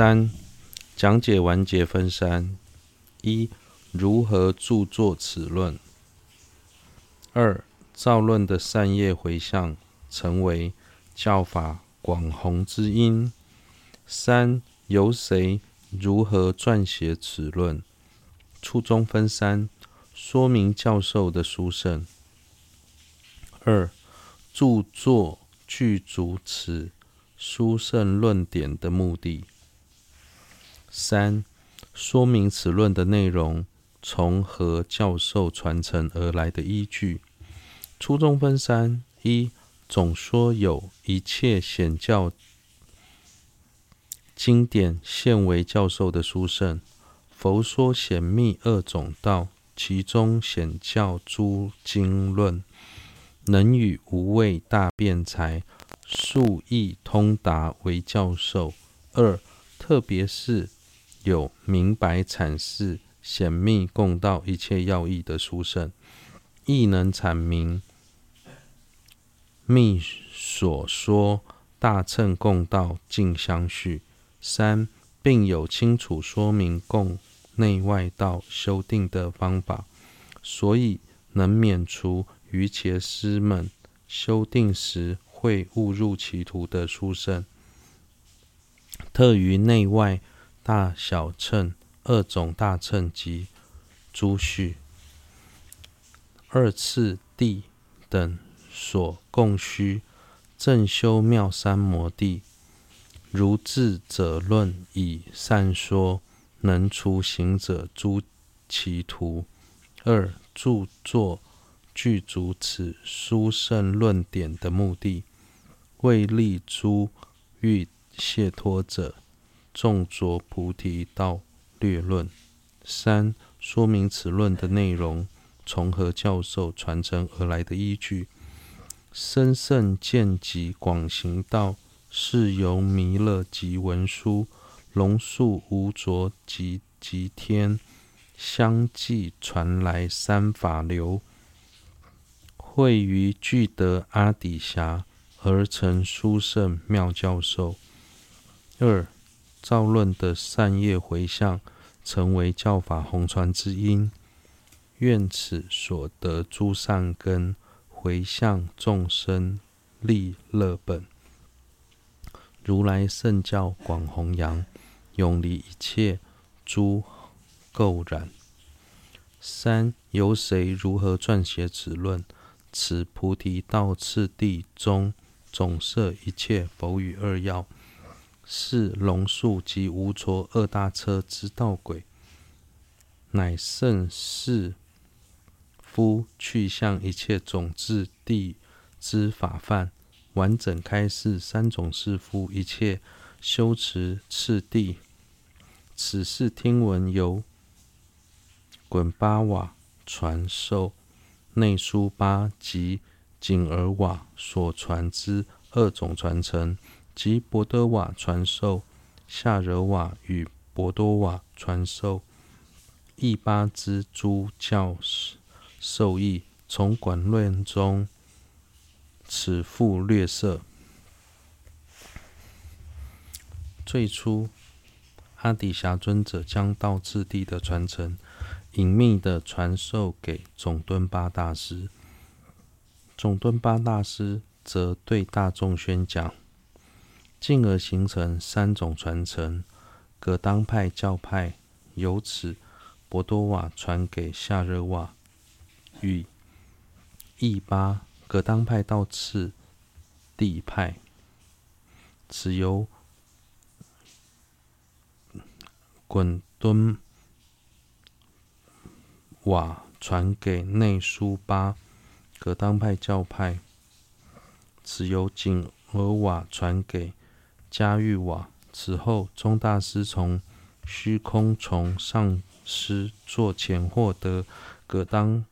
三、講解完結分三：一、如何著作此論；二、造論的善業迴向，成為教法廣弘之因；三、由誰如何撰寫此論。初中分三：說明教授的殊勝；二、著作具足此殊勝論典的目的。三、說明此論的內容從何教授傳承而來的依據。初中分三：一、總說有一切顯教經典現為教授的殊勝。佛說顯密二種道，其中顯教諸經論能予無畏大辯才速易通達為教授；二、特別是。有明白闡釋顯密共道一切要義的殊勝，亦能闡明密所說大乘共道淨相續。三，並有清楚說明共內外道修定的方法，所以能免除瑜伽師們修定時會誤入歧途的殊勝，特於內外。大小乘二種大乘及諸續二次第等所共需正修妙三摩地，如智者論已善說，能除行者諸歧途。二、著作具足此殊勝論典的目的，為利諸欲解脫者。《重著菩提道略論》三，三說明此論的內容，從何教授傳承而來的依據。甚深見及廣行道是由彌勒及文殊龍樹無着及寂天相繼傳來三法流，匯於具德阿底峽而成殊勝妙教授。二。造論的善業迴向，成為教法弘傳之因。願此所得諸善根迴向眾生利樂本，如來聖教廣弘揚，永離一切諸垢染。三、由誰、如何撰寫此論？此菩提道次第中總攝一切佛語二要。是龍樹及無著二大車之道軌，乃勝士夫趣向一切種智地之法範，完整開示三種士夫一切修持次第。此是聽聞由袞巴瓦傳授內蘇巴及慬哦瓦所傳之二種傳承。及博朵瓦傳授夏惹瓦與博朵瓦傳授鐸巴之諸教授義，從廣論中此復略攝。最初，阿底峽尊者將道次第的傳承隱密地傳授給種敦巴大師，種敦巴大師則對大眾宣講。進而形成三種傳承：噶當教典派，此由博朵瓦傳給夏惹瓦與鐸巴。噶當道次第派，此由袞巴瓦傳給內蘇巴。噶當教授派，此由慬哦瓦傳給嘉裕瓦。此後，宗大師從虛空幢上師座前獲得噶當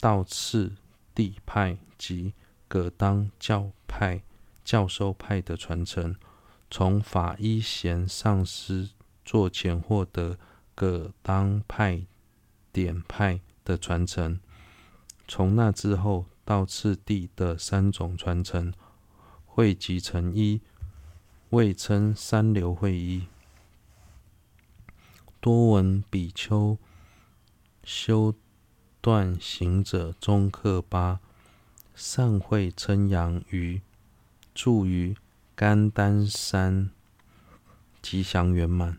道次第派及噶當教派、教授派的傳承，從法依賢上師座前獲得噶當教典派的傳承。從那之後，道次第的三種傳承匯集成一。稱為三流匯一，多聞比丘修斷行者宗喀巴，善慧稱揚於著於甘丹山，吉祥圓滿。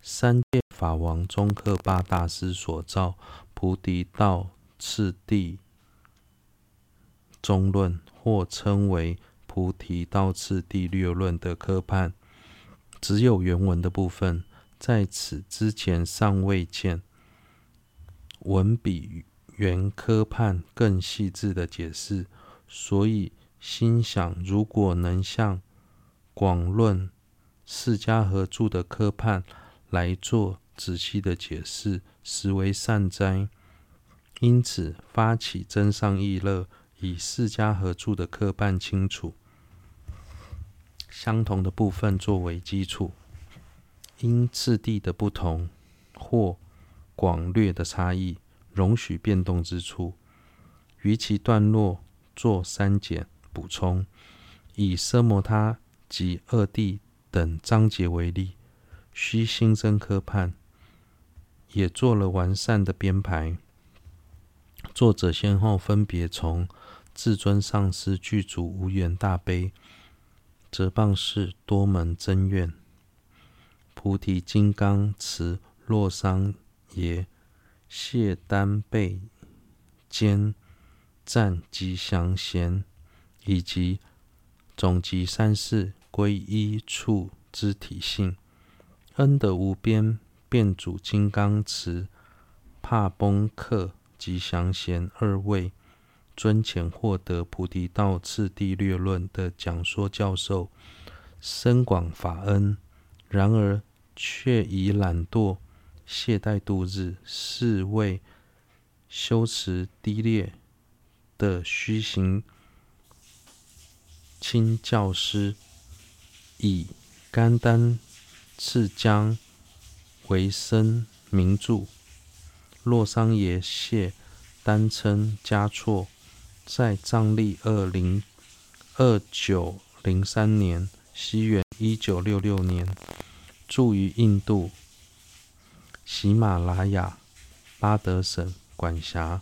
三界法王宗喀巴大師所造菩提道次第中論，或稱為。菩提道次第略論的科判，只有原文的部分，在此之前尚未見、聞比原科判更細緻的解釋，所以心想，如果能向廣論四家合註的科判來做仔細的解釋，實為善哉。因此發起增上意樂，以四家合註的科判清楚。相同的部分作為基礎，因次第的不同或廣略的差異，容許變動之處，於其段落做刪減、補充。以奢摩他及二諦等章節為例，需新增科判，也做了完善的編排。作者先後分別從至尊上師具足無緣大悲。哲蚌寺多門僧院，菩提金剛持洛桑耶謝丹貝堅贊吉祥賢，以及總集三世皈依處之體性恩德無邊，遍主金剛持帕繃喀吉祥賢二位。尊前獲得《菩提道次第略論》的講說教授，深廣法恩，然而卻以懶惰懈怠度日，是位修持低劣的虛行親教師，以甘丹赤江為生名者，洛桑耶謝丹增嘉措。在藏曆二零二九零三年，西元一九六六年，著於印度喜馬拉雅八德省管轄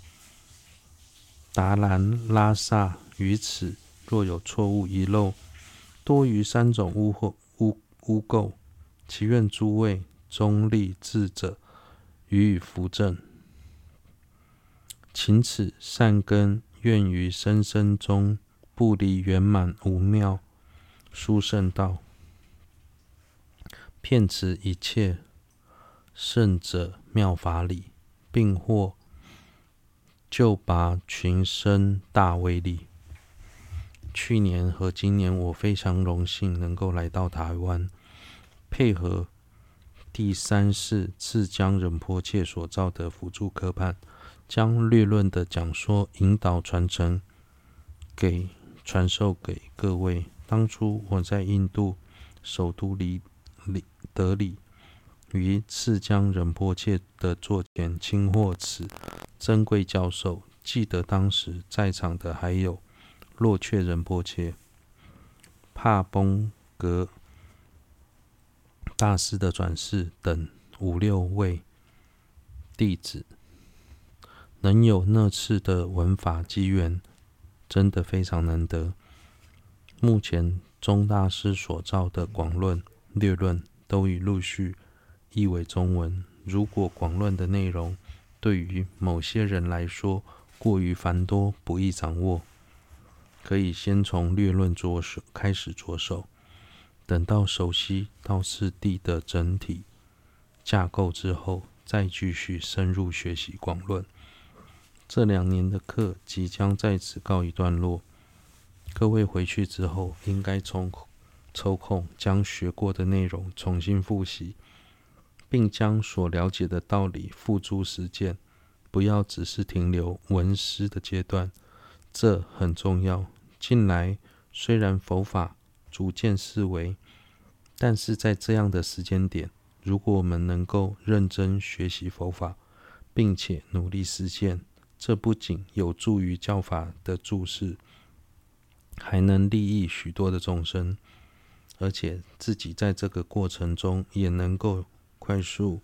達蘭拉薩。於此若有錯誤遺漏，多餘三種污穢污污垢，祈願諸位中立智者予以斧正，勤此善根。願於生生中不離圓滿無謬殊勝道，遍持一切勝者妙法理，並獲救拔群生大威力。去年和今年，我非常榮幸能夠來到台灣，配合第三世赤江仁波切所造的輔助科判。將略論的講說引導傳承給傳授給各位。當初，我在印度首都里里德里，於赤江仁波切的座前親獲此珍貴教授。記得當時在場的還有洛確仁波切、帕繃喀大師的轉世等五六位弟子。能有那次的聞法機緣，真的非常難得。目前宗大師所造的廣論、略論都已陸續譯為中文。如果廣論的內容對於某些人來說過於繁多，不易掌握，可以先從略論着手開始着手。等到熟悉道次第的整體架構之後，再繼續深入學習廣論。這兩年的課即將在此告一段落。各位回去之後，應該從抽空將學過的內容重新複習，並將所了解的道理付諸實踐，不要只是停留聞思的階段，這很重要。近來雖然佛法逐漸式微，但是在這樣的時間點，如果我們能夠認真學習佛法，並且努力實踐，這不僅有助於教法的注釋，還能利益許多的眾生，而且自己在這個過程中也能夠快速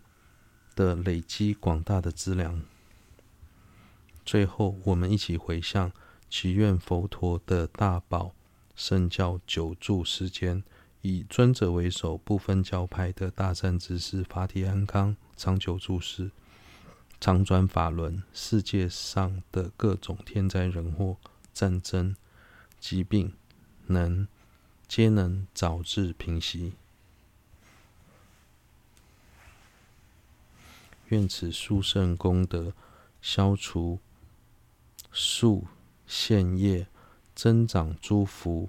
的累積廣大的資糧。最後，我們一起回向，祈願佛陀的大寶聖教久住世間，以尊者為首，不分教派的大善知識法體安康，長久住世。常轉法輪，世界上的各種天災人禍、戰爭、疾病、能皆能早日平息。願此殊勝功德，消除宿現業，增長諸福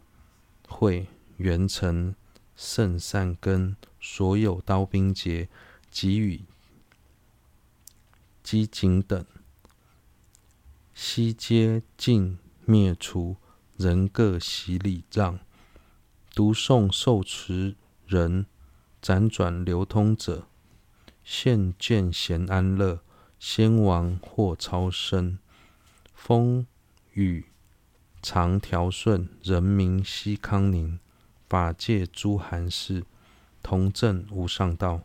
慧，圓成勝善根，所有刀兵劫，給予。基警等，悉皆淨滅除，人各洗禮賬，讀誦受持人，輾轉流通者，現見賢安樂，先王或超生，風雨常調順，人民悉康寧，法界諸含識，同證無上道。